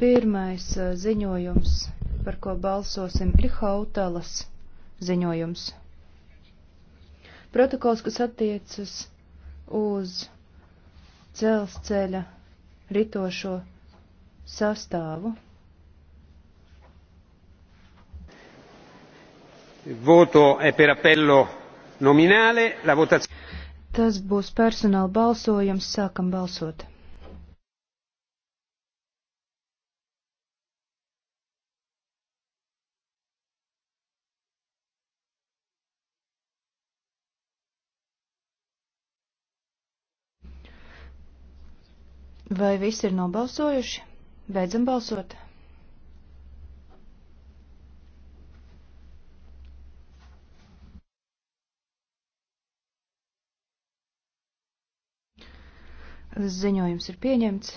Pirmais uh, ziņojums, par ko balsosim, ir Hautalas ziņojums. Protokols, kas attiecas uz dzelzceļa ritošo sastāvu. Voto è per appello nominale, la votazione. Tas būs personāla balsojums, sākam balsot. Vai visi ir nobalsojuši? Beidzam balsot. Ziņojums ir pieņemts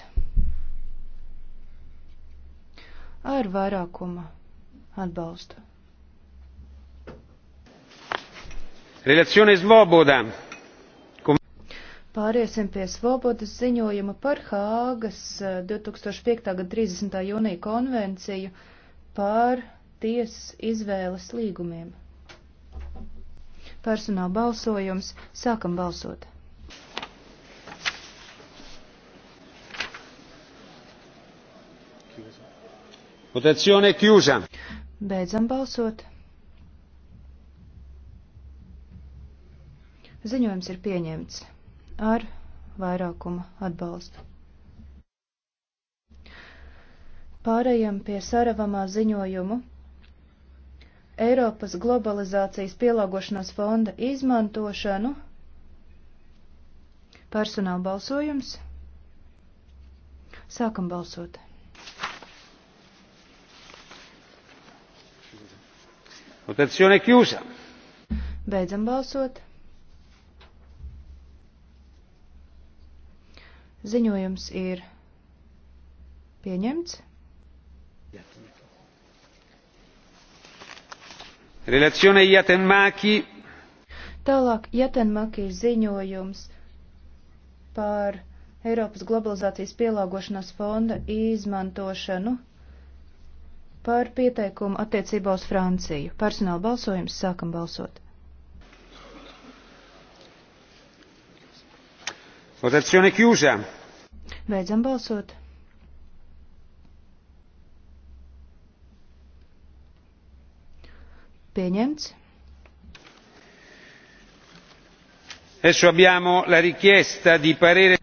ar vairākuma atbalstu. Relazione Svoboda. Pāriesim pie Svobodas ziņojuma par Hāgas 2005. Eh, gada 30. jūnija konvenciju par tiesas izvēles līgumiem. Personāla balsojums. Sākam balsot. Votazione chiusa. Beidzam balsot. Ziņojums ir pieņemts ar vairākuma atbalstu. Pārējiem pie saravamā ziņojumu. Eiropas globalizācijas pielāgošanās fonda izmantošanu. Personāla balsojums. Sākam balsot. Votazione chiusa. Beidzam balsot. Ziņojums ir pieņemts. Relazione Jatenmaki. Tālāk Jatenmaki ziņojums par Eiropas globalizācijas pielāgošanās fonda izmantošanu par pieteikumu attiecībā uz Franciju. Personāla balsojums sākam balsot. Votazione chiusa. Beidzam balsot. Pieņemts. Adesso abbiamo la richiesta di parere.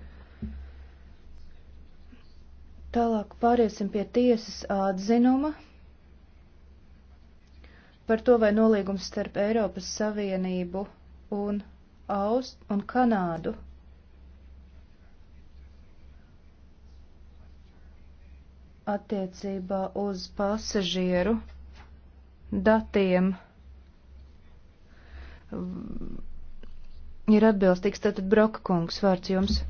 Tālāk pāriesim pie tiesas atzinuma par to, vai nolīgums starp Eiropas Savienību un Aust un Kanādu attiecībā uz pasažieru datiem ir atbilstīgs. Tātad Broka kungs, vārds jums.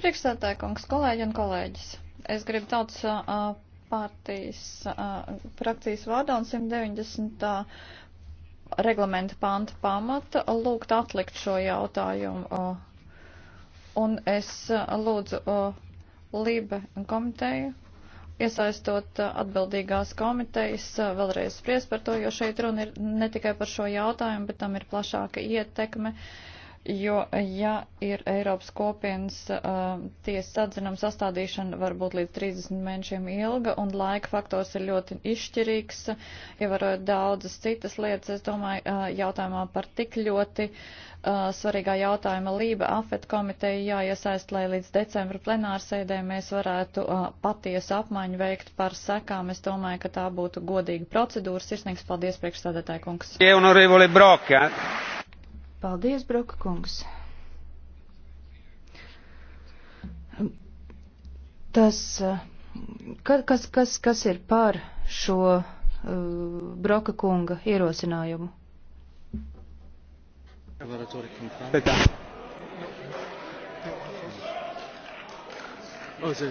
Priekšsētāja kungs, kolēģi un kolēģis. Es gribu tautas uh, partijas uh, frakcijas vārdā un 190. reglamenta panta pamata lūgt atlikt šo jautājumu. Uh, un es uh, lūdzu uh, Libe komiteju iesaistot eh, atbildīgās komitejas, eh, vēlreiz spries par to, jo šeit runa ir ne tikai par šo jautājumu, bet tam ir plašāka ietekme. Uh, Jo, ja ir Eiropas kopienas uh, tiesas atzinuma sastādīšana varbūt līdz 30 mēnešiem ilga un laika faktors ir ļoti izšķirīgs, ievarojot ja uh, daudzas citas lietas, es domāju, uh, jautājumā par tik ļoti uh, svarīgā jautājuma lība afet komiteja jāiesaist, lai līdz decembra plenārsēdē mēs varētu uh, patiesu apmaiņu veikt par sekām. Es domāju, ka tā būtu godīga procedūra. Sirsnīgs paldies priekšstādātāji kungs. Ja, Paldies, Broka kungs. Tas, kas, kas, kas ir par šo uh, Broka kunga ierosinājumu? Pēc. Oh,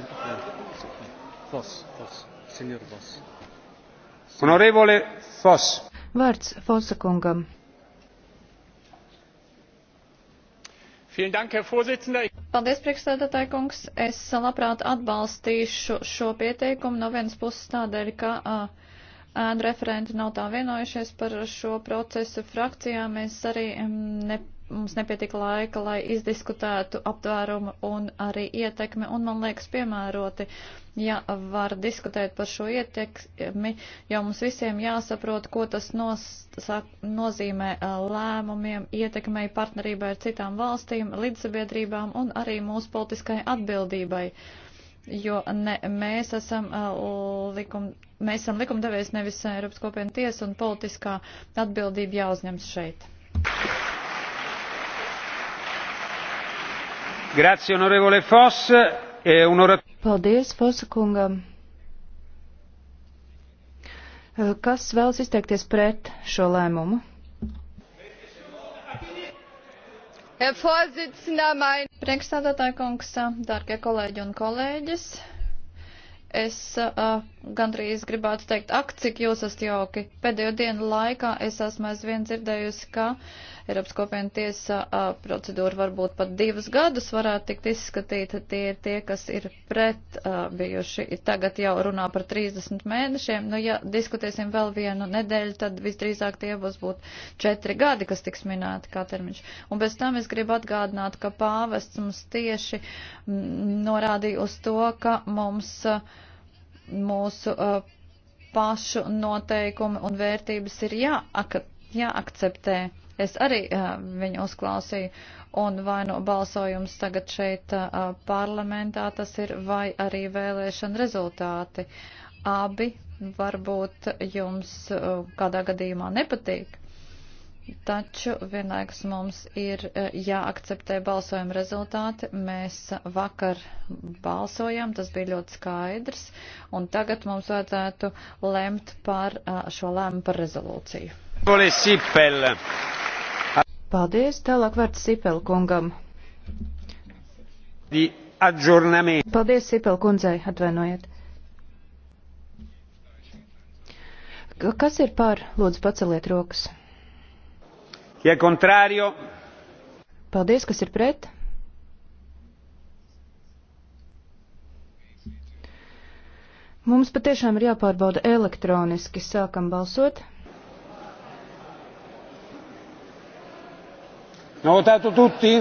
Vārds Fosa kungam. Paldies, priekšstādātāji kungs. Es labprāt atbalstīšu šo pieteikumu no vienas puses tādēļ, ka ēnu referenti nav tā vienojušies par šo procesu frakcijā. Mēs arī mm, ne mums nepietika laika, lai izdiskutētu aptvērumu un arī ietekmi, un man liekas piemēroti, ja var diskutēt par šo ietekmi, jo mums visiem jāsaprot, ko tas nos, sak, nozīmē lēmumiem, ietekmei partnerībai ar citām valstīm, līdzsabiedrībām un arī mūsu politiskai atbildībai. Jo ne, mēs esam uh, likum, mēs esam likumdevējs nevis Eiropas kopienu tiesa un politiskā atbildība jāuzņems šeit. Thank you. Grazie, onorevole Foss. E onora... Paldies, Fosa kungam. Eh, kas vēlas izteikties pret šo lēmumu? Priekšstādātāja kungs, dārgie kolēģi un kolēģis, Es uh, gandrīz gribētu teikt, ak, cik jūs esat jauki. Pēdējo dienu laikā es esmu aizvien dzirdējusi, ka Eiropas kopiena tiesa uh, procedūra varbūt pat divus gadus varētu tikt izskatīta. Tie ir tie, kas ir pret uh, bijuši. Tagad jau runā par 30 mēnešiem. Nu, ja diskutēsim vēl vienu nedēļu, tad visdrīzāk tie būs būt četri gadi, kas tiks minēti kā termiņš. Un bez tam es gribu atgādināt, ka pāvests mums tieši mm, norādīja uz to, ka mums. Uh, mūsu uh, pašu noteikumi un vērtības ir jāak jāakceptē. Es arī uh, viņu uzklausīju, un vai no nu balsojums tagad šeit uh, parlamentā tas ir, vai arī vēlēšana rezultāti. Abi varbūt jums uh, kādā gadījumā nepatīk. Taču vienlaikus mums ir e, jāakceptē balsojuma rezultāti. Mēs vakar balsojām, tas bija ļoti skaidrs, un tagad mums vajadzētu lemt par e, šo lēmu par rezolūciju. Paldies, tālāk vārds Sipel kungam. Paldies, Sipel kundzei, atvainojiet. Kas ir pār? Lūdzu, paceliet rokas. Chi è contrario? Paldies, kas ir pret? Mums patiešām ir jāpārbauda elektroniski. Sākam balsot. Novotato tutti?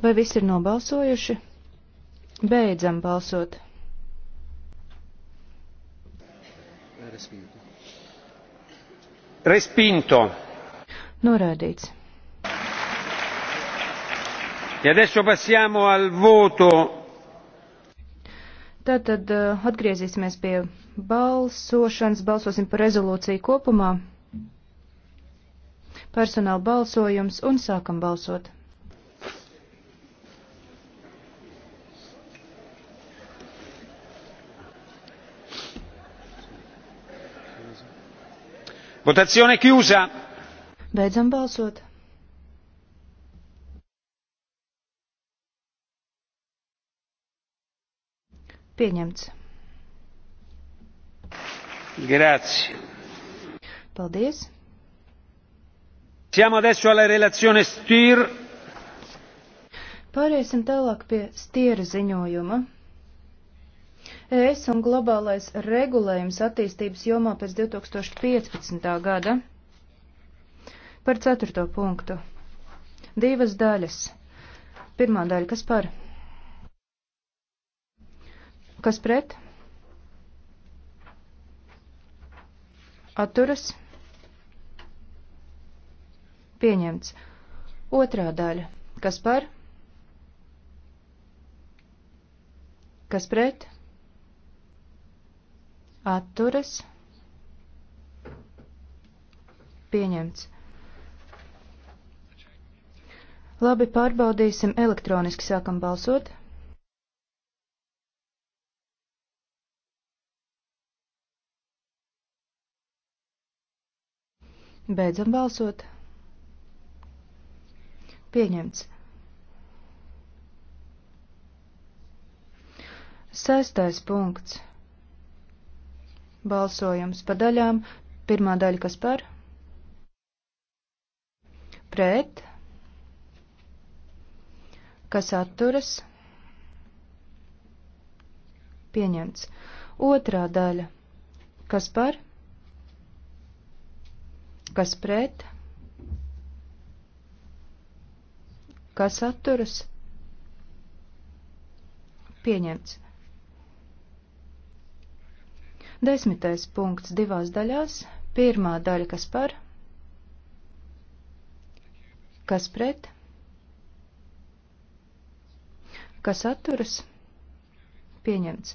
Vai visi ir nobalsojuši? Beidzam balsot. Respinto. Respinto. Norādīts. Ja e adesso passiamo al voto. Tātad uh, atgriezīsimies pie balsošanas. Balsosim par rezolūciju kopumā. Personāla balsojums un sākam balsot. Votazione chiusa. Beidzam balsot. Pieņemts. Grazie. Paldies. Siamo adesso alla relazione Stier. Pāriesim tālāk pie Stiera ziņojuma. ES un globālais regulējums attīstības jomā pēc 2015. gada. Par ceturto punktu. Divas daļas. Pirmā daļa, kas par? Kas pret? Atturas. Pieņemts. Otrā daļa. Kas par? Kas pret? Atturas. Pieņemts. Labi, pārbaudīsim elektroniski, sākam balsot. Beidzam balsot. Pieņemts. Sestais punkts. Balsojums pa daļām. Pirmā daļa, kas par? Pret kas atturas, pieņemts. Otrā daļa, kas par, kas pret, kas atturas, pieņemts. Desmitais punkts divās daļās. Pirmā daļa, kas par, kas pret, kas atturas, pieņemts.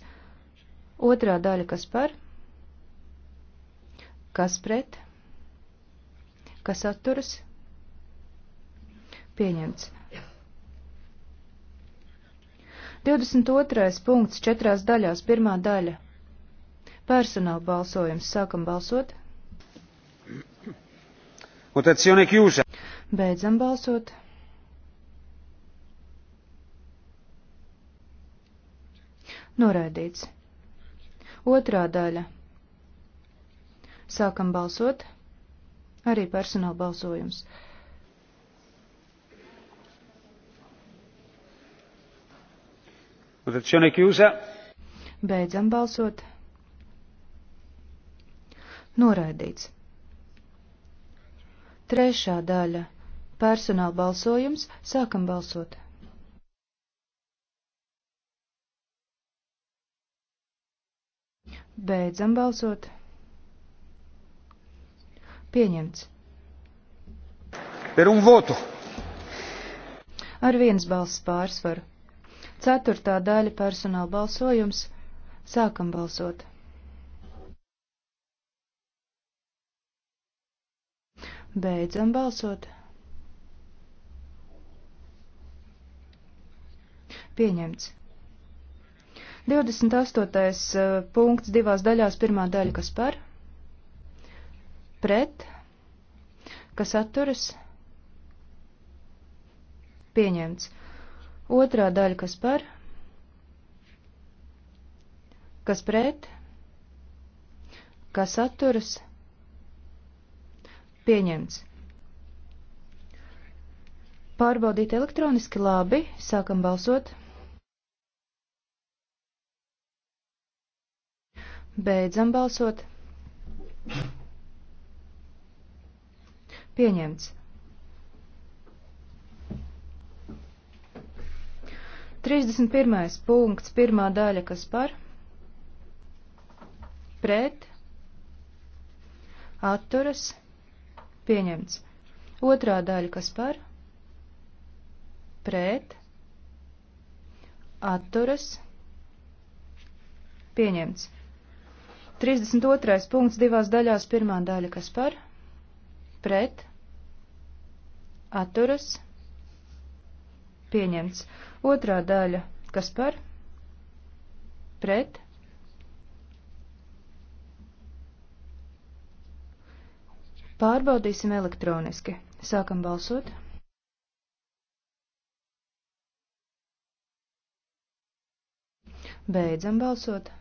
Otrā daļa, kas par, kas pret, kas atturas, pieņemts. 22. punkts četrās daļās, pirmā daļa. Personāla balsojums, sākam balsot. Votazione chiusa. Beidzam balsot. Noraidīts. Otrā daļa. Sākam balsot. Arī personāla balsojums. Votazione chiusa. Beidzam balsot. Noraidīts. Trešā daļa. Personāla balsojums. Sākam balsot. Beidzam balsot. Pieņemts. Per un voto. Ar viens balss pārsvaru. Ceturtā daļa personāla balsojums. Sākam balsot. Beidzam balsot. Pieņemts. 28. Eh, punkts divās daļās, pirmā daļa, kas par, pret, kas atturas, pieņemts. Otrā daļa, kas par, kas pret, kas atturas, pieņemts. Pārbaudīt elektroniski labi, sākam balsot. Beidzam balsot. Pieņemts. 31. punkts, pirmā daļa, kas par, pret, atturas, pieņemts. Otrā daļa, kas par, pret, atturas, pieņemts. 32. punkts divās daļās, pirmā daļa, kas par, pret, atturas, pieņemts. Otrā daļa, kas par, pret, pārbaudīsim elektroniski. Sākam balsot. Beidzam balsot.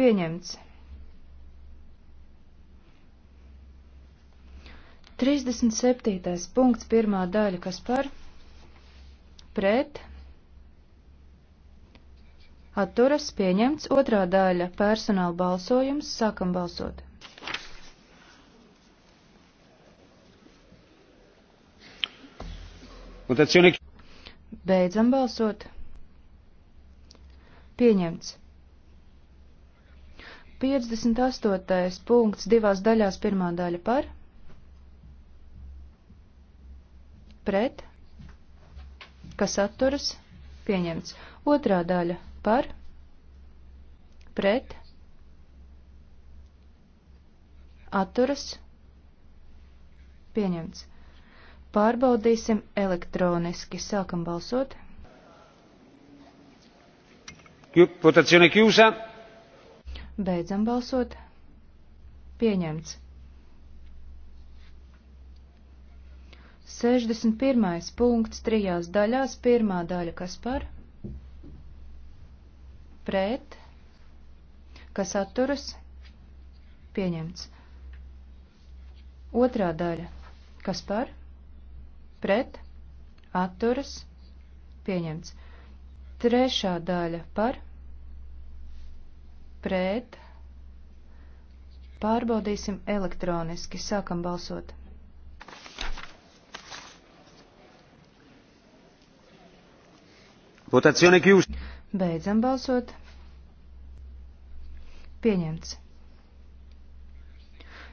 Pieņemts. 37. punkts, pirmā daļa, kas par pret atturas pieņemts, otrā daļa personāla balsojums, sākam balsot. Beidzam balsot. Pieņemts. 58. punkts divās daļās pirmā daļa par, pret, kas atturas, pieņemts. Otrā daļa par, pret, atturas, pieņemts. Pārbaudīsim elektroniski. Sākam balsot. Votazione chiusa. Beidzam balsot. Pieņemts. 61. punkts trijās daļās. Pirmā daļa kas par? Pret. Kas atturas? Pieņemts. Otrā daļa. Kas par? Pret. Atturas. Pieņemts. Trešā daļa par? pret. Pārbaudīsim elektroniski. Sākam balsot. Votazione chiusa. Beidzam balsot. Pieņemts.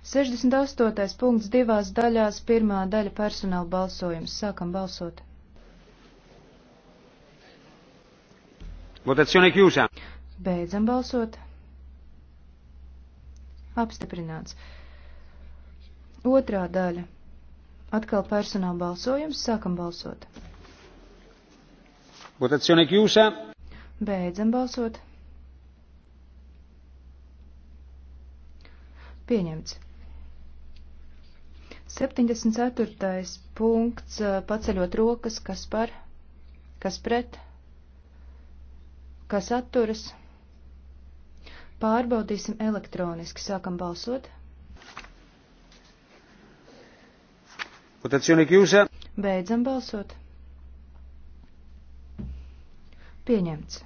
68. punkts divās daļās, pirmā daļa personāla balsojums. Sākam balsot. Votazione chiusa. Beidzam balsot. Apstiprināts. Otrā daļa. Atkal personāla balsojums. Sākam balsot. Votazione chiusa. Beidzam balsot. Pieņemts. 74. punkts paceļot rokas, kas par, kas pret, kas atturas. Pārbaudīsim elektroniski. Sākam balsot. Votazione chiusa. Beidzam balsot. Pieņemts.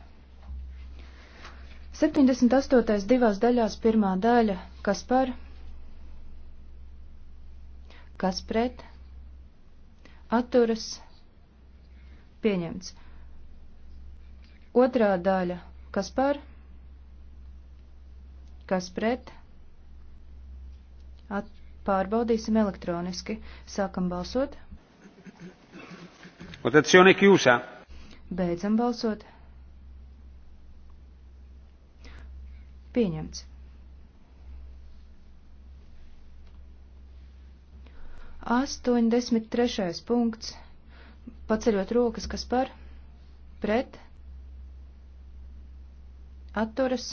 78. divās daļās pirmā daļa. Kas par? Kas pret? Atturas. Pieņemts. Otrā daļa. Kas par? kas pret. At pārbaudīsim elektroniski. Sākam balsot. Votazione chiusa. Beidzam balsot. Pieņemts. Astoņdesmit trešais punkts. Paceļot rokas, kas par? Pret? Atturas?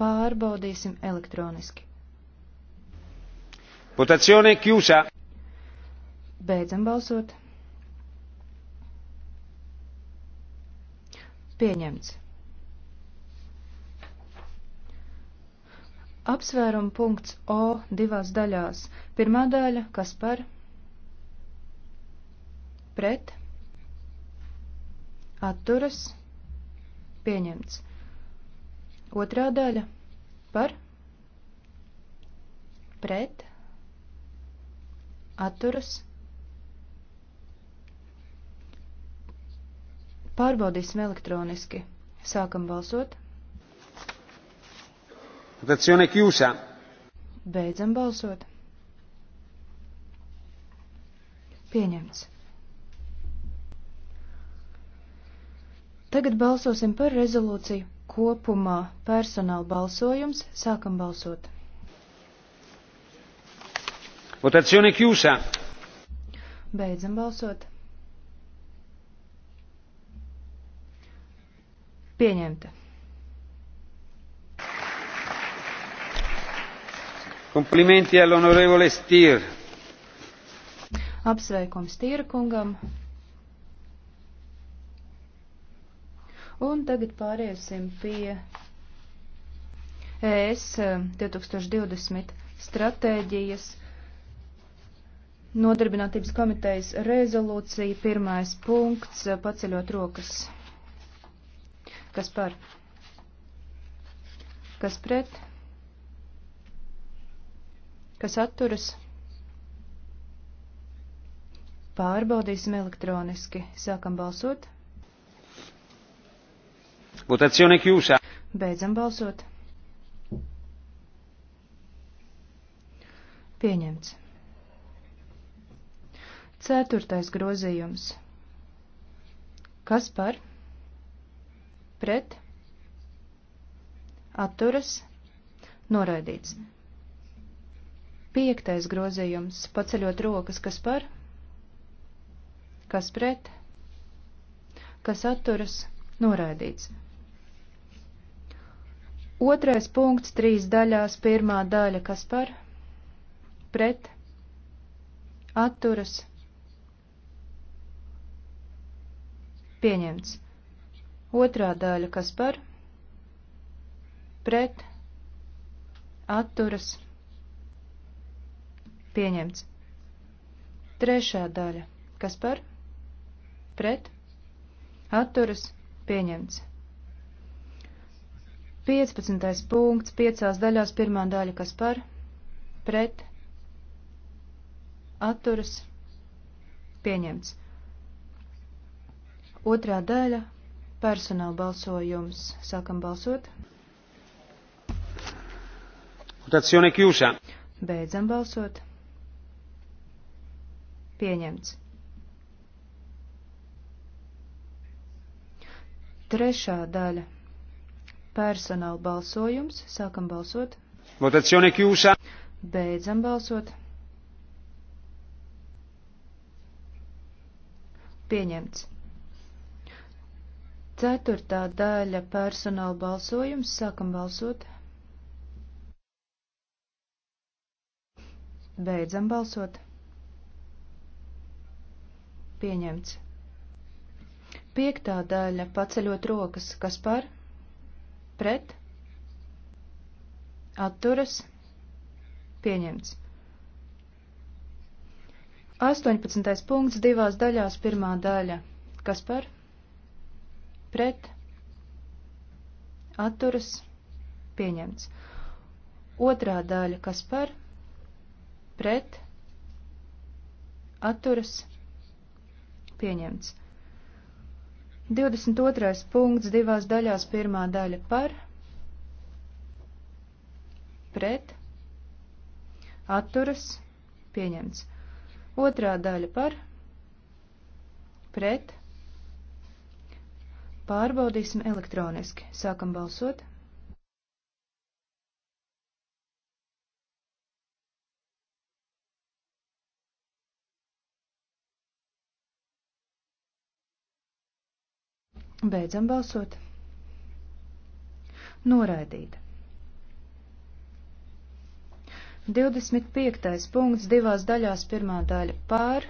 Pārbaudīsim elektroniski. Votazione chiusa. Beidzam balsot. Pieņemts. Apsvērumu punkts O divās daļās. Pirmā daļa, kas par? Pret. Atturas. Pieņemts. Otrā daļa par pret atturas. Pārbaudīsim elektroniski. Sākam balsot. Votazione chiusa. Beidzam balsot. Pieņemts. Tagad balsosim par rezolūciju kopumā personāla balsojums. Sākam balsot. Votazione chiusa. Beidzam balsot. Pieņemta. Komplimenti all'onorevole Stier. Apsveikums Stiera kungam. Un tagad pāriesim pie e eh, ES 2020 stratēģijas nodarbinātības komitejas rezolūcija, pirmais punkts, eh, paceļot rokas. Kas par? Kas pret? Kas atturas? Pārbaudīsim elektroniski. Sākam balsot. Votazione chiusa. Beidzam balsot. Pieņemts. Ceturtais grozījums. Kas par? Pret? Atturas? Noraidīts. Piektais grozījums. Paceļot rokas. Kas par? Kas pret? Kas atturas? Noraidīts. Otrais punkts trīs daļās, pirmā daļa, kas par, pret, atturas, pieņemts. Otrā daļa, kas par, pret, atturas, pieņemts. Trešā daļa, kas par, pret, atturas, pieņemts. 15. punkts, 5 daļās, pirmā daļa, kas par, pret, atturas, pieņemts. Otrā daļa - personāla balsojums. Sākam balsot. Votazione chiusa. Beidzam balsot. Pieņemts. Trešā daļa Personāla balsojums. Sākam balsot. Votazione chiusa. Beidzam balsot. Pieņemts. Ceturtā daļa personāla balsojums. Sākam balsot. Beidzam balsot. Pieņemts. Piektā daļa paceļot rokas. Kas par? pret, atturas, pieņemts. 18. punkts divās daļās, pirmā daļa. Kas par? Pret, atturas, pieņemts. Otrā daļa. Kas par? Pret, atturas, pieņemts. 22. punkts divās daļās pirmā daļa par, pret, atturas, pieņemts. Otrā daļa par, pret, pārbaudīsim elektroniski. Sākam balsot. Beidzam balsot. Noraidīta. 25. punkts divās daļās pirmā daļa pār,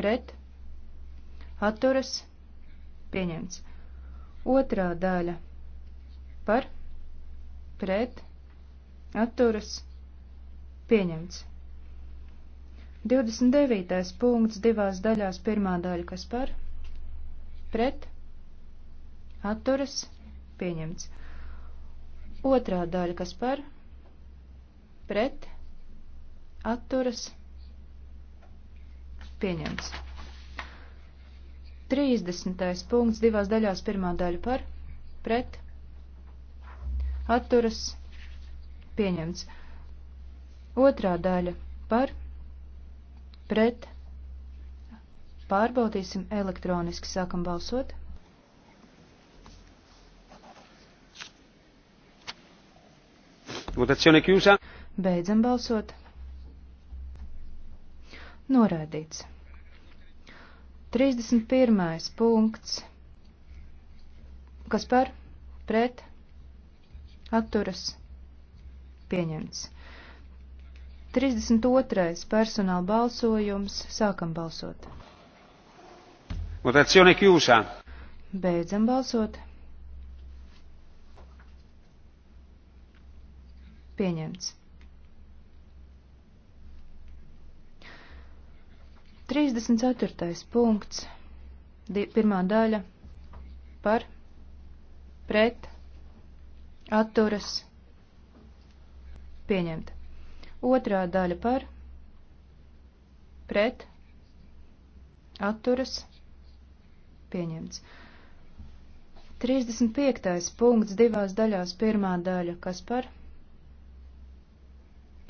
pret, atturas, pieņemts. Otrā daļa par, pret, atturas, pieņemts. 29. punkts divās daļās pirmā daļa kas par, pret pret, atturas, pieņemts. Otrā daļa, kas par, pret, atturas, pieņemts. 30. punkts divās daļās pirmā daļa par, pret, atturas, pieņemts. Otrā daļa par, pret, atturas Pārbaudīsim elektroniski. Sākam balsot. Votazione chiusa. Beidzam balsot. Norādīts. 31. punkts. Kas par? Pret? Atturas? Pieņemts. 32. personāla balsojums. Sākam balsot. Votazione chiusa. Beidzam balsot. Pieņemts. 34. punkts, di, pirmā daļa par, pret, atturas, pieņemt. Otrā daļa par, pret, atturas, pieņemt pieņemts. 35. punkts divās daļās, pirmā daļa, kas par?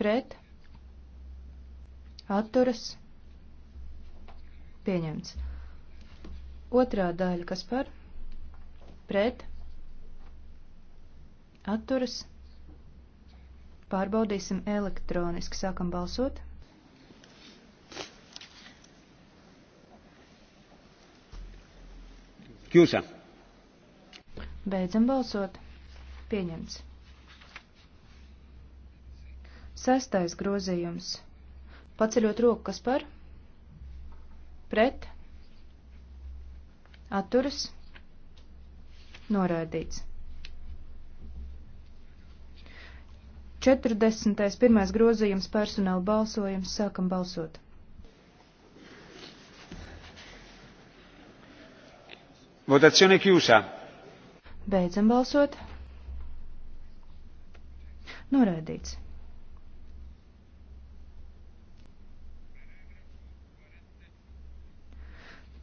Pret? Atturas? Pieņemts. Otrā daļa, kas par? Pret? Atturas? Pārbaudīsim elektroniski, sākam balsot. Chiusa. Beidzam balsot. Pieņemts. Sestais grozījums. Paceļot roku, kas par? Pret. Atturas. Norādīts. 41. grozījums personāla balsojums. Sākam balsot. Votazione chiusa. Beidzam balsot. Norādīts.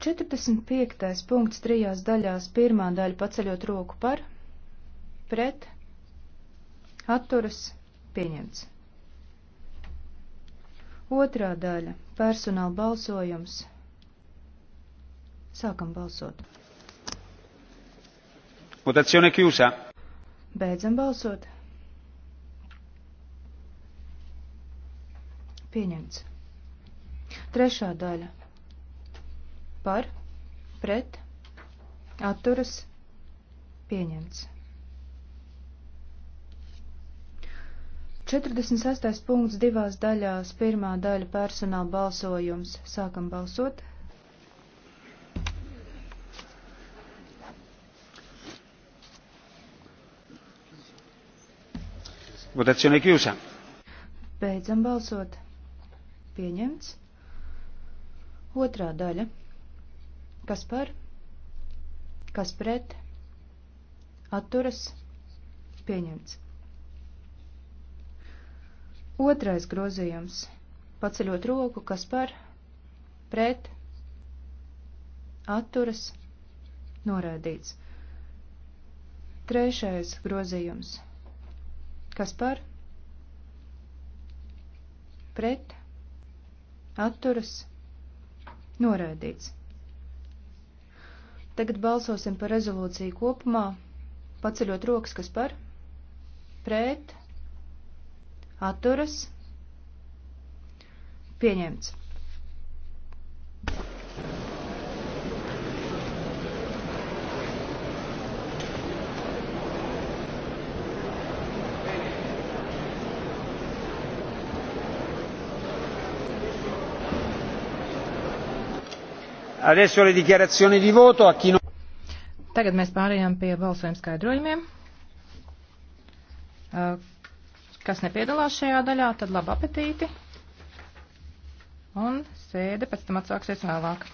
Četrdesmit piektais punkts trijās daļās pirmā daļa paceļot roku par, pret, atturas, pieņemts. Otrā daļa - personāla balsojums. Sākam balsot. Votazione chiusa. Beidzam balsot. Pieņemts. Trešā daļa. Par, pret, atturas, pieņemts. 46. punkts divās daļās. Pirmā daļa personāla balsojums. Sākam balsot. Votazione chiusa. Beidzam balsot. Pieņemts. Otrā daļa. Kas par? Kas pret? Atturas. Pieņemts. Otrais grozījums. Paceļot roku, kas par? Pret? Atturas. Norādīts. Trešais grozījums Kas par? Pret. Atturas. Noraidīts. Tagad balsosim par rezolūciju kopumā, paceļot rokas, kas par, pret, atturas, pieņemts. Adesso le dichiarazioni di voto a chi non... Tagad mēs pārējām pie balsojuma skaidrojumiem. Kas nepiedalās šajā daļā, tad labu apetīti. Un sēde pēc tam atsāksies vēlāk.